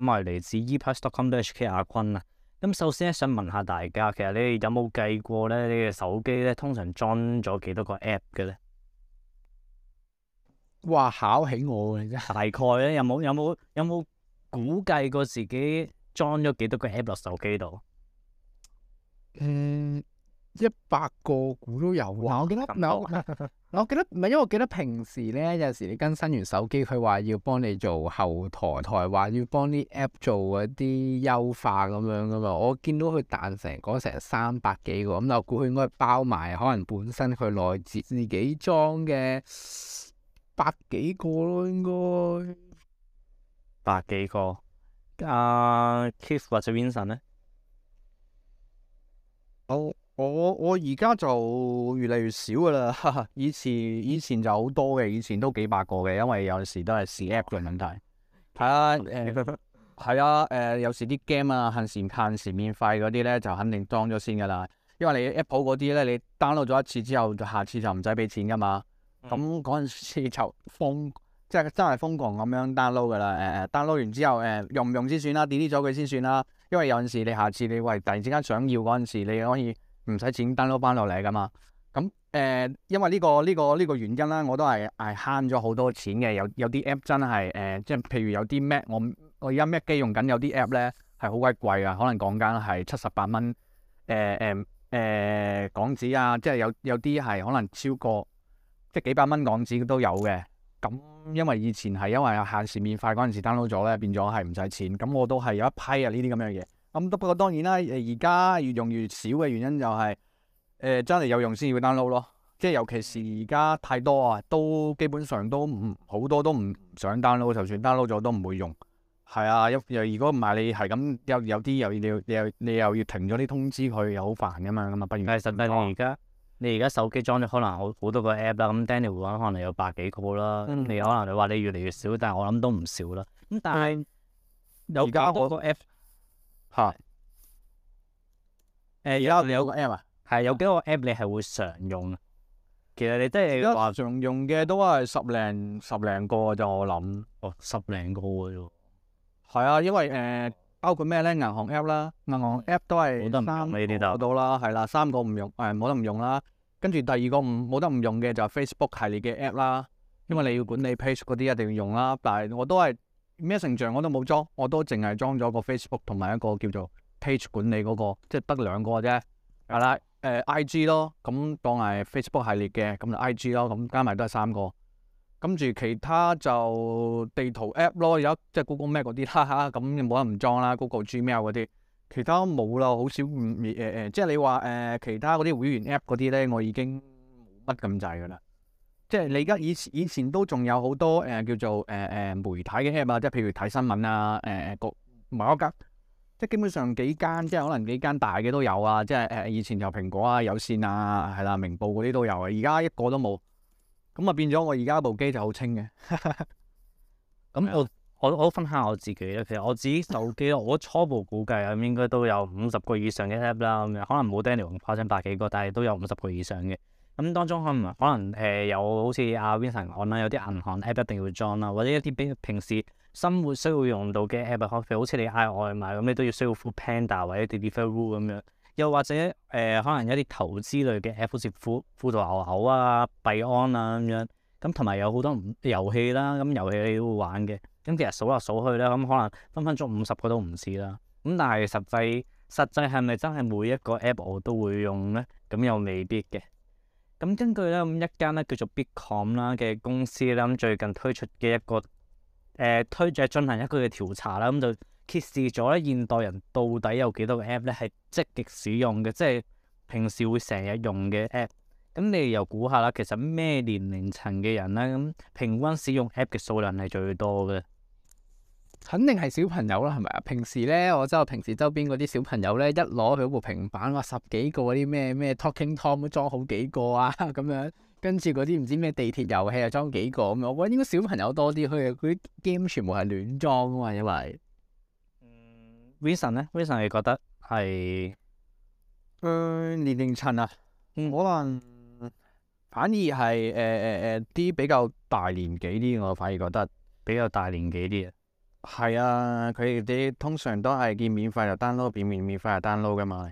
咁係嚟自 eplus.com.hk 阿坤啊，咁首先咧，想問下大家，其實你哋有冇計過咧，你嘅手機咧通常裝咗幾多個 app 嘅咧？哇，考起我嘅真係，大概咧有冇有冇有冇估計過自己裝咗幾多個 app 落手機度？嗯。一百個估都有啊！我記得，嗱， 我記得唔係，因為我記得平時咧，有陣時你更新完手機，佢話要幫你做後台台，話要幫啲 app 做一啲優化咁樣噶嘛。我見到佢彈成嗰成三百幾個，咁我估佢應該包埋，可能本身佢內置自己裝嘅百幾個咯，應該百幾個。阿、uh, Keith 或者 Vincent 咧？Oh. 我我而家就越嚟越少噶啦， 以前以前就好多嘅，以前都幾百個嘅，因為有陣時都係試 app 嘅問題。係啊，誒、呃，係啊，誒、 呃，有時啲 game 啊，限時限時免費嗰啲咧，就肯定裝咗先噶啦。因為你 app 嗰啲咧，你 download 咗一次之後，就下次就唔使俾錢噶嘛。咁嗰陣時就瘋，即係真係瘋狂咁樣 download 噶啦。誒、呃、誒，download 完之後，誒、呃、用唔用先算啦，delete 咗佢先算啦、啊。因為有陣時你下次你喂，突然之間想要嗰陣時你，你可以。唔使錢 download 翻落嚟噶嘛？咁誒、呃，因為呢、呢個呢、呢個呢、呢個原因啦、啊，我都係係慳咗好多錢嘅。有有啲 app 真係誒，即、呃、係譬如有啲咩，我我而家 Mac 機用緊，有啲 app 咧係好鬼貴啊，可能講緊係七十八蚊誒誒誒港紙啊，即係有有啲係可能超過即係幾百蚊港紙都有嘅。咁因為以前係因為限時免費嗰陣時 download 咗咧，變咗係唔使錢。咁我都係有一批啊呢啲咁樣嘢。咁不過當然啦，誒而家越用越少嘅原因就係、是，誒、呃、真係有用先會 download 咯，即係尤其是而家太多啊，都基本上都唔好多都唔想 download，就算 download 咗都唔會用。係啊，又如果唔係你係咁有有啲又要你又你又要停咗啲通知佢，又好煩噶嘛，咁啊不如。實際你而家，嗯、你而家手機裝咗可能好好多個 app 啦，咁 Daniel 講可能有百幾個啦，嗯、你可能你話你越嚟越少，但係我諗都唔少啦。咁、嗯、但係是，有咁多個 app。吓，誒，而家你有個 app 啊，係有幾多個 app 你係會常用啊？其實你真係話常用嘅都係十零十零個咋，我諗，哦，十零個嘅啫。係啊，因為誒，包括咩咧？銀行 app 啦，銀行 app 都係三，冇得唔用，呢啲就。到啦，係啦，三個唔用，誒，冇得唔用啦。跟住第二個唔冇得唔用嘅就係 Facebook 系列嘅 app 啦，因為你要管理 page 嗰啲一定要用啦。但係我都係。咩成像我都冇裝，我都淨係裝咗個 Facebook 同埋一個叫做 Page 管理嗰、那個，即係得兩個啫。嗱、嗯，誒、嗯、IG 咯，咁、嗯、當係 Facebook 系列嘅，咁就 IG 咯，咁、嗯、加埋都係三個。跟住其他就地圖 App 咯，有即係 Google Map 嗰啲啦吓，咁冇、嗯、得唔裝啦，Google Gmail 嗰啲。其他冇啦，好少唔誒誒，即係你話誒、呃、其他嗰啲會員 App 嗰啲咧，我已經冇乜咁滯噶啦。即係你而家以前以前都仲有好多誒、呃、叫做誒誒、呃、媒體嘅 app 啊，即係譬如睇新聞啊，誒誒個某一間，即係基本上幾間，即係可能幾間大嘅都有啊。即係誒以前有蘋果啊、有線啊係啦、啊、明報嗰啲都有啊。而家一個都冇，咁啊變咗我而家部機就好清嘅。咁、 嗯嗯、我我我都分享我自己咧，其實我自己手機 我初步估計啊，應該都有五十個以上嘅 app 啦，可能冇 Daniel 花上百幾個，但係都有五十個以上嘅。咁當中可能可能誒有好似阿 Vincent 講啦，有啲銀行 app 一定要裝啦，或者一啲比平時生活需要用到嘅 app，可能好似你嗌外賣咁，你都要需要 Foodpanda 或者 Deliveroo 咁樣，又或者誒、呃、可能有啲投資類嘅 app，好似富富途牛牛啊、幣安啊咁樣，咁同埋有好多唔遊戲啦，咁遊戲你都會玩嘅，咁其實數嚟數去咧，咁可能分分鐘五十個都唔止啦。咁但係實際實際係咪真係每一個 app 我都會用咧？咁又未必嘅。咁根據咧咁一間咧叫做 Bitcom 啦嘅公司咧咁最近推出嘅一個誒、呃、推著進行一個嘅調查啦，咁、嗯、就揭示咗咧現代人到底有幾多個 App 咧係積極使用嘅，即係平時會成日用嘅 App。咁你哋又估下啦，其實咩年齡層嘅人咧咁平均使用 App 嘅數量係最多嘅。肯定係小朋友啦，係咪啊？平時咧，我即係平時周邊嗰啲小朋友咧，一攞佢部平板話十幾個嗰啲咩咩 Talking Tom 都裝好幾個啊，咁樣跟住嗰啲唔知咩地鐵遊戲又裝幾個咁啊。我覺得應該小朋友多啲，佢哋啲 game 全部係亂裝啊嘛，因為嗯，Vincent 咧，Vincent 你覺得係，誒、呃、年齡層啊，嗯，可能反而係誒誒誒啲比較大年紀啲，我反而覺得比較大年紀啲啊。係啊，佢啲通常都係見免費就 download，見免費就 download 噶嘛。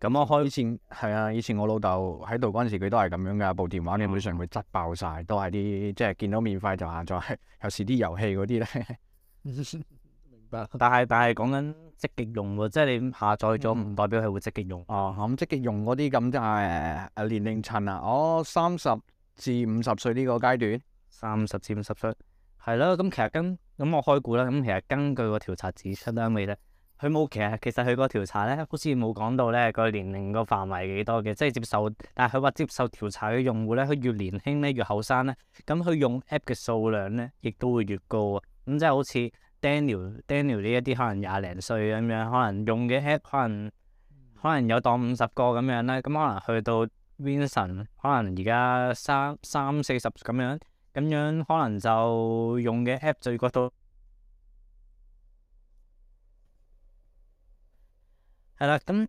咁、嗯、我開以前係、嗯、啊，以前我老豆喺度嗰陣時，佢都係咁樣噶部電話基本上常會執爆晒，都係啲即係見到免費就下載，有時啲遊戲嗰啲咧。 明白，但係但係講緊積極用喎，即、就、係、是、你下載咗唔代表佢會積極用哦。咁積極用嗰啲咁就誒誒誒年齡層啊，哦三十至五十歲呢個階段，三十至五十歲係咯。咁、嗯啊、其實跟。咁、嗯、我開估啦，咁、嗯、其實根據個調查指出啦，未咧，佢冇其實其實佢個調查咧，好似冇講到咧個年齡個範圍幾多嘅，即、就、係、是、接受，但係佢話接受調查嘅用戶咧，佢越年輕咧越後生咧，咁佢、嗯、用 app 嘅數量咧亦都會越高啊，咁、嗯、即係好似 Daniel Daniel 呢一啲可能廿零歲咁樣，可能用嘅 app 可能可能有當五十個咁樣啦，咁、嗯嗯、可能去到 Vincent 可能而家三三四十咁樣。咁樣可能就用嘅 app 最多到，係啦。咁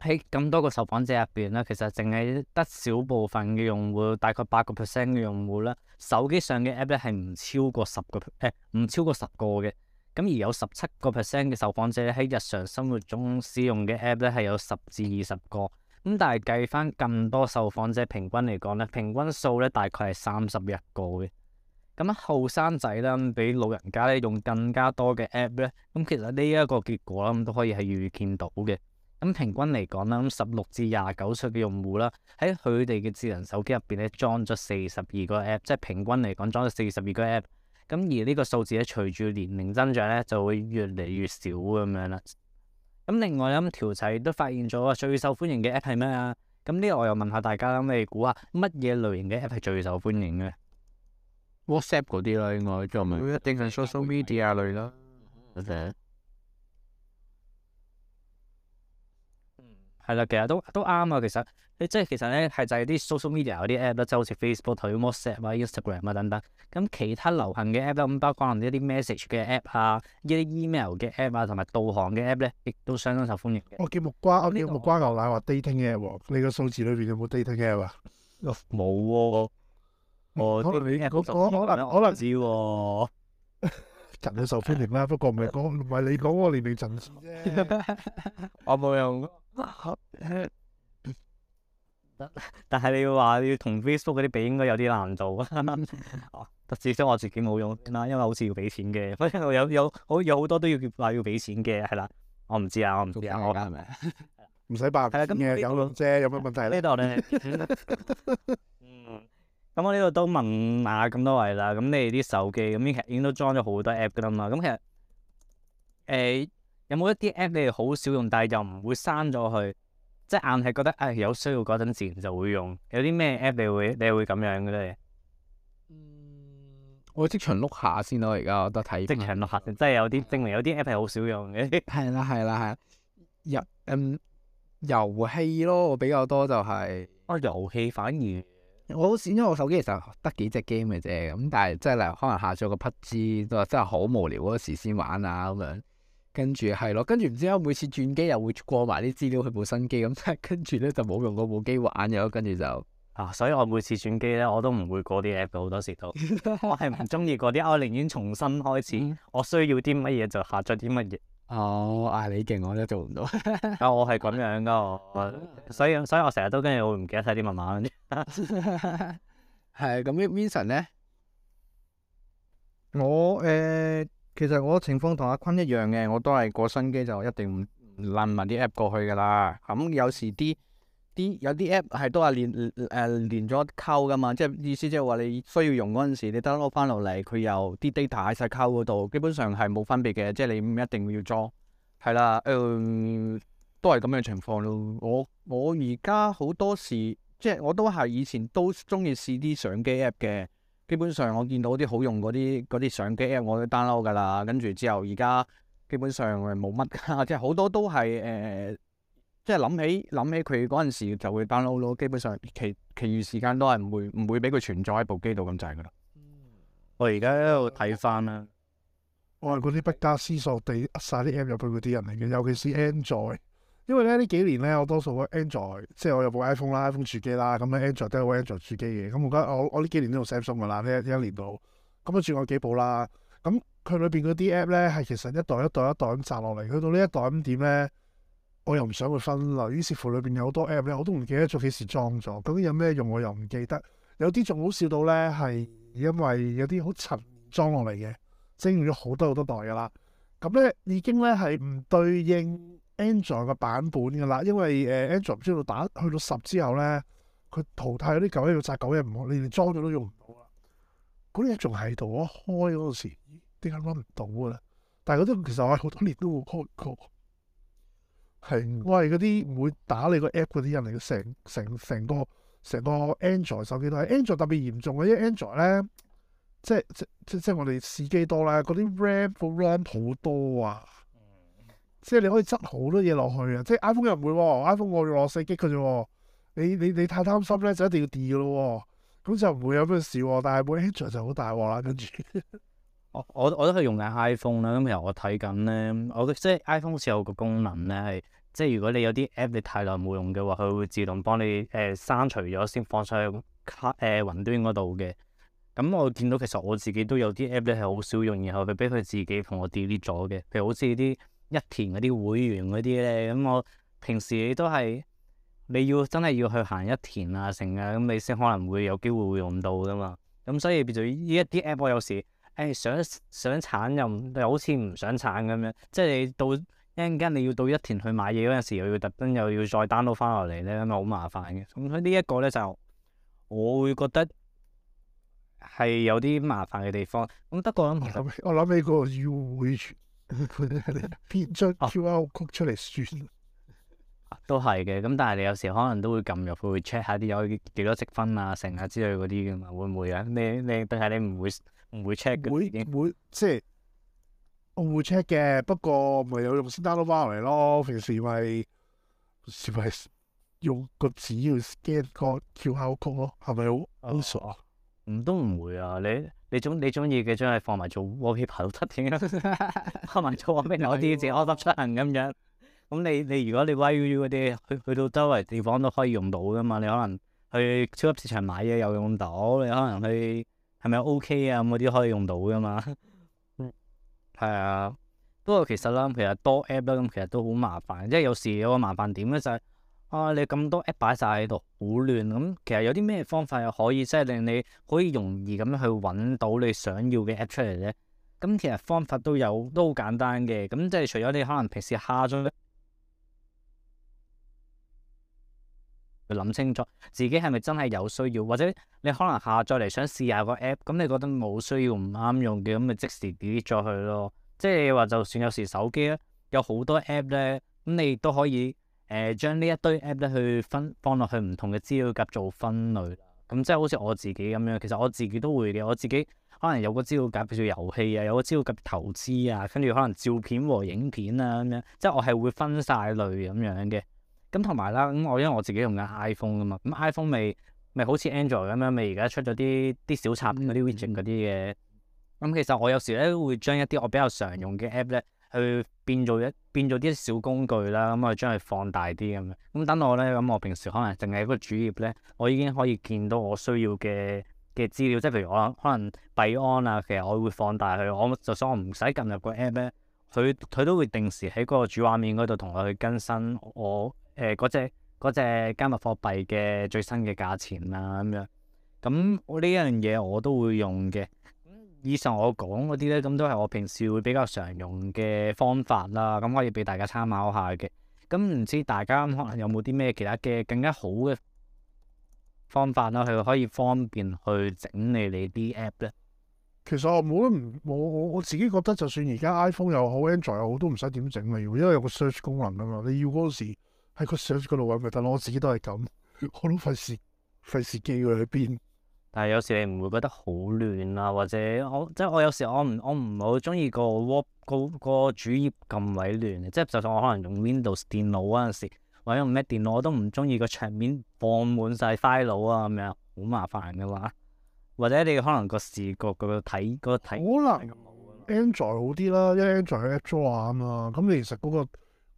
喺咁多個受訪者入邊咧，其實淨係得少部分嘅用戶，大概八個 percent 嘅用戶咧，手機上嘅 app 咧係唔超過十個，誒、哎、唔超過十個嘅。咁而有十七個 percent 嘅受訪者喺日常生活中使用嘅 app 咧係有十至二十個。咁但係計翻咁多受訪者平均嚟講咧，平均數咧大概係三十一個嘅。咁後生仔啦，比老人家咧用更加多嘅 app 咧。咁其實呢一個結果啦，咁都可以係預見到嘅。咁平均嚟講啦，咁十六至廿九歲嘅用戶啦，喺佢哋嘅智能手機入邊咧裝咗四十二個 app，即係平均嚟講裝咗四十二個 app。咁而呢個數字咧，隨住年齡增長咧，就會越嚟越少咁樣啦。咁另外咁條仔都發現咗啊，最受歡迎嘅 app 係咩啊？咁呢個我又問下大家咁，你估下乜嘢類型嘅 app 係最受歡迎嘅？WhatsApp 嗰啲啦，另外仲有唔一定係 social media 類啦，或係啦，其實都都啱啊，其實。誒，即係其實咧，係就係啲 social media 嗰啲 app 啦，即係好似 Facebook 同埋 WhatsApp 啊、Instagram 啊等等。咁其他流行嘅 app 啦，咁包括可能一啲 message 嘅 app 啊，一啲 email 嘅 app 啊，同埋導航嘅 app 咧，亦都相當受歡迎嘅。我叫木瓜，我叫木瓜牛奶，話 dating 嘅 app。你個數字裏邊有冇 dating 嘅 app 啊？冇喎，我可能可能可能可能少喎。人哋受歡迎啦，不過唔係講，唔係你講，我年齡盡啫。我冇用。但係你要話要同 Facebook 嗰啲比，應該有啲難度啊！但至少我自己冇用啦，因為好似要俾錢嘅，反正有有好有好多都要叫話要俾錢嘅，係啦，我唔知啊，我唔知啊，我係咪唔使辦？係啊， 咁 有啫，有咩問題咧？呢度咧，嗯，咁我呢度都問下咁多位啦。咁你哋啲手機咁其實已經都裝咗好多 app 噶啦嘛。咁、嗯、其實誒，有冇一啲 app 你哋好少用，但係又唔會刪咗佢？即係硬係覺得誒、哎、有需要嗰陣時就會用，有啲咩 app 你會你會咁樣嘅咧？ 嗯，我即場碌下先咯，而家我都睇即場碌下，真係有啲證明有啲 app 係好少用嘅。係啦，係啦，係。遊嗯遊戲咯比較多就係、是。啊遊戲反而我好少，因為我手機其實得幾隻 game 嘅啫，咁但係即係例如可能下載個匹茲都係真係好無聊嗰時先玩啊咁樣。跟住係咯，跟住唔知啊，每次轉機又會過埋啲資料去部新機咁，跟住咧就冇用嗰部機玩咗，跟住就啊，所以我每次轉機咧，我都唔會過啲 app，好多時都 我係唔中意嗰啲，我寧願重新開始。嗯、我需要啲乜嘢就下載啲乜嘢。哦，嗌、啊、你勁，我都做唔到。 啊，我係咁樣噶，我所以所以我成日都跟住會唔記得睇啲密碼。係咁，Vincent 咧，我誒。誒其實我情況同阿坤一樣嘅，我都係過新機就一定唔 load 埋啲 app 過去噶啦。咁、嗯、有時啲啲有啲 app 係都係連誒連咗溝噶嘛，即係意思即係話你需要用嗰陣時，你等我翻落嚟，佢又啲 data 喺晒溝嗰度，基本上係冇分別嘅，即係你唔一定要裝。係啦，嗯，都係咁樣情況咯。我我而家好多時即係我都係以前都中意試啲相機 app 嘅。基本上我見到啲好用嗰啲啲相機 app 我都 download 噶啦，跟住之後而家基本上係冇乜，即係好多都係誒，即係諗起諗起佢嗰陣時就會 download 咯。基本上其其餘時間都係唔會唔會俾佢存在喺部機度咁滯噶啦。嗯、我而家喺度睇翻啦，我係嗰啲不加思索地壓晒啲 app 入去嗰啲人嚟嘅，尤其是 Android。因為咧呢幾年咧，我多數 Android，即係我有部 iPhone 啦、iPhone 主機啦，咁樣 Android 都有部 Android 主機嘅。咁我而家我我呢幾年都用 Samsung 噶啦，呢一一年度，咁啊轉過幾部啦。咁佢裏邊嗰啲 app 咧，係其實一代一代一代咁摘落嚟，去到呢一代咁點咧，我又唔想去分咯。於是乎裏邊有好多 app 咧，我都唔記得做幾時裝咗，究竟有咩用，我又唔記得。有啲仲好笑到咧，係因為有啲好陳裝落嚟嘅，使用咗好多好多代噶啦。咁咧已經咧係唔對應。Android 嘅版本噶啦，因為誒 Android 唔知道打去到十之後咧，佢淘汰嗰啲舊應要晒舊嘢唔好，你連，連裝咗都用唔到啦。嗰啲嘢仲喺度，我開嗰陣時，點解 load 唔到嘅咧？但係嗰啲其實我好多年都冇開過，係我係嗰啲唔會打你個 app 嗰啲人嚟嘅。成成成個成個 Android 手機都係 Android 特別嚴重嘅，因為 Android 咧即係即即即我哋試機多啦，嗰啲 RAM 好 run 好多啊。即係你可以執好多嘢落去啊！即係 iPhone 又唔會、哦、iPhone 我攞死機嘅啫。你你你太貪心咧，就一定要 delete 咯。咁就唔會有咩事、哦。但係冇 android 就好大鑊啦。跟住、mm hmm. 我 phone, 我我都係用緊 iPhone 啦。咁其實我睇緊咧，我即係 iPhone 好似有個功能咧，係即係如果你有啲 app 你太耐冇用嘅話，佢會自動幫你誒、呃、刪除咗，先放上去卡誒雲、呃、端嗰度嘅。咁我見到其實我自己都有啲 app 咧係好少用，然後佢俾佢自己同我 delete 咗嘅。譬如好似啲。一田嗰啲會員嗰啲咧，咁我平時你都係你要真係要去行一田啊成啊，咁你先可能會有機會會用到噶嘛。咁所以變咗依一啲 app，我有時誒、欸、想想鏟又唔又好似唔想鏟咁樣，即係你到一陣間你要到一田去買嘢嗰陣時，又要特登又要再 download 翻落嚟咧，咁咪好麻煩嘅。咁所以呢一個咧就我會覺得係有啲麻煩嘅地方。咁德個我諗起，我諗起個要會編 出 QR code 出嚟算，啊，都係嘅。咁但係你有時可能都會撳入去，會 check 下啲有幾多積分啊、剩啊之類嗰啲噶嘛？會唔會啊？你你但係你唔會唔會 check 嘅？會即會即係我會 check 嘅，不過咪有用先 download 返嚟咯。平時咪平時用個字個，要 scan 個 QR code 咯，係咪好唔都唔會啊！你你中你中意嘅將佢放埋做 WhatsApp 都得點。 放埋做 WhatsApp 嗰啲，自己 o 開心出行咁樣。咁你你如果你 y U 嗰啲去去到周圍地方都可以用到噶嘛？你可能去超級市場買嘢又用到，你可能去係咪 OK 啊，咁嗰啲可以用到噶嘛？嗯，係啊。不過其實啦，其實多 app 啦，咁其實都好麻煩，即係有時有個麻煩點咧就係、是。啊！你咁多 app 擺晒喺度，好亂咁。其實有啲咩方法又可以即係、就是、令你可以容易咁樣去揾到你想要嘅 app 出嚟呢？咁其實方法都有，都好簡單嘅。咁即係除咗你可能平時下載，要諗清楚自己係咪真係有需要，或者你可能下載嚟想試下個 app，咁你覺得冇需要唔啱用嘅，咁咪即時 delete 咗佢咯。即係話就算有時手機咧有好多 app 咧，咁你都可以。誒、呃、將呢一堆 app 咧去分放落去唔同嘅資料夾做分類，咁、嗯、即係好似我自己咁樣，其實我自己都會嘅，我自己可能有個資料夾譬如遊戲啊，有個資料夾投資啊，跟住可能照片和影片啊咁樣，即係我係會分晒類咁樣嘅。咁同埋啦，咁、嗯、我因為我自己用緊 iPhone 啊嘛，咁、嗯、iPhone 咪咪好似 Android 咁樣，咪而家出咗啲啲小插件嗰啲 widget 嗰啲嘅。咁、嗯、其實我有時咧會將一啲我比較常用嘅 app 咧。去變做一變做啲小工具啦，咁我將佢放大啲咁樣。咁等到我呢，咁我平時可能淨係嗰個主頁呢，我已經可以見到我需要嘅嘅資料。即係譬如我可能幣安啊，其實我會放大佢，我就想我唔使撳入個 app 呢，佢佢都會定時喺嗰個主畫面嗰度同我去更新我誒嗰隻隻加密貨幣嘅最新嘅價錢啊咁樣。咁我呢樣嘢我都會用嘅。以上我講嗰啲咧，咁都係我平時會比較常用嘅方法啦。咁可以俾大家參考下嘅。咁唔知大家可能有冇啲咩其他嘅更加好嘅方法啦？去可以方便去整理你啲 app 咧。其實我冇得唔，我我我自己覺得，就算而家 iPhone 又好，Android 又好，都唔使點整嘅，因為有個 search 功能啊嘛。你要嗰時喺個 search 嗰度揾咪得咯。我自己都係咁，我都費事費事記佢喺邊？但係有時你唔會覺得好亂啊，或者我即係我有時我唔我唔係好中意個 web 個個主頁咁鬼亂，即係就算我可能用 Windows 電腦嗰陣時，或者用咩電腦，我都唔中意個桌面放滿晒 file 啊咁樣，好麻煩嘅嘛。或者你可能個視覺個睇、個睇，可能 Android 好啲啦，因為 Android 嘅 App Drawer 啊嘛，咁你其實嗰、嗰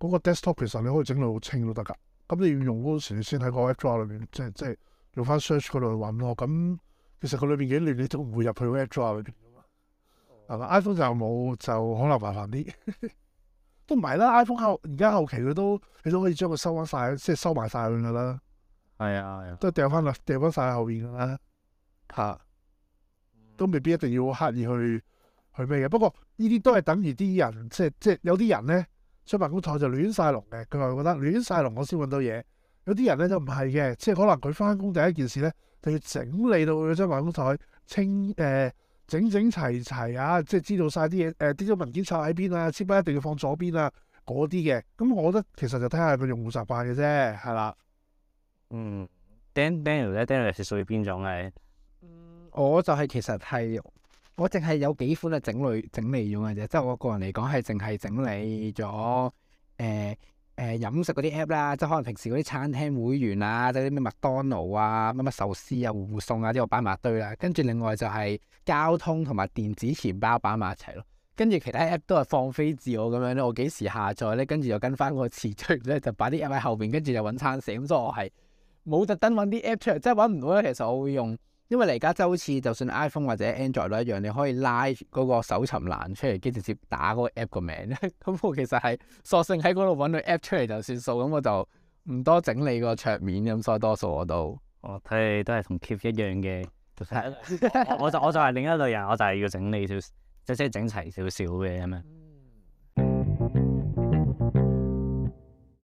個、嗰個、desktop 其實你可以整到好清都得㗎。咁你要用嗰陣時，你先喺個 App Drawer 裏邊，即係即係用翻 search 嗰度揾咯。咁其實佢裏邊幾亂，你都唔會入去 WebDrive 裏邊噶嘛，係嘛、oh.？iPhone 就冇，就可能麻煩啲， 都唔係啦。iPhone 後而家後期佢都，你都可以將佢收翻晒，即係收埋晒佢噶啦。係啊 Yeah, yeah.，都掉翻掉翻晒後邊噶啦。吓，Yeah. 都未必一定要刻意去去咩嘅。不過呢啲都係等於啲人，即係即係有啲人咧，將辦公台就亂晒龍嘅。佢話覺得亂晒龍，我先搵到嘢。有啲人咧就唔係嘅，即係可能佢翻工第一件事咧。就要整理到嗰張辦公台清，誒、呃、整整齊齊，齊啊！即係知道晒啲嘢，誒啲咁文件塞喺邊啊，紙包一定要放咗邊啊，嗰啲嘅。咁、嗯、我覺得其實就睇下個用戶習慣嘅啫，係啦。嗯 Dan，Daniel 咧 Dan，Daniel 係屬於邊種嘅？我就係其實係，我淨係有幾款係整理整理用嘅啫，即、就、係、是、我個人嚟講係淨係整理咗誒。呃誒、呃、飲食嗰啲 app 啦，即係可能平時嗰啲餐廳會員啊，即係啲咩麥當勞啊、乜乜壽司啊、互送啊，啲、啊、我擺埋一堆啦、啊。跟住另外就係交通同埋電子錢包擺埋一齊咯、啊。跟住其他 app 都係放飛自我咁樣咧，我幾時下載咧，跟住就跟翻個次序咧，就擺啲 app 喺後邊，跟住就揾餐食。咁所以我係冇特登揾啲 app 出嚟，即係揾唔到咧。其實我會用。因為你而家就好似，就算 iPhone 或者 Android 都一樣，你可以拉嗰個搜尋欄出嚟，跟住直接打嗰個 app 個名。咁、 嗯、我其實係索性喺嗰度揾到 app 出嚟就算數。咁、嗯、我就唔多整理個桌面咁，所以多數我、哦、都。我睇你都係同 Keep 一樣嘅， 我就我就係另一類人，我就係要整理少，少，即係整齊少少嘅咁樣。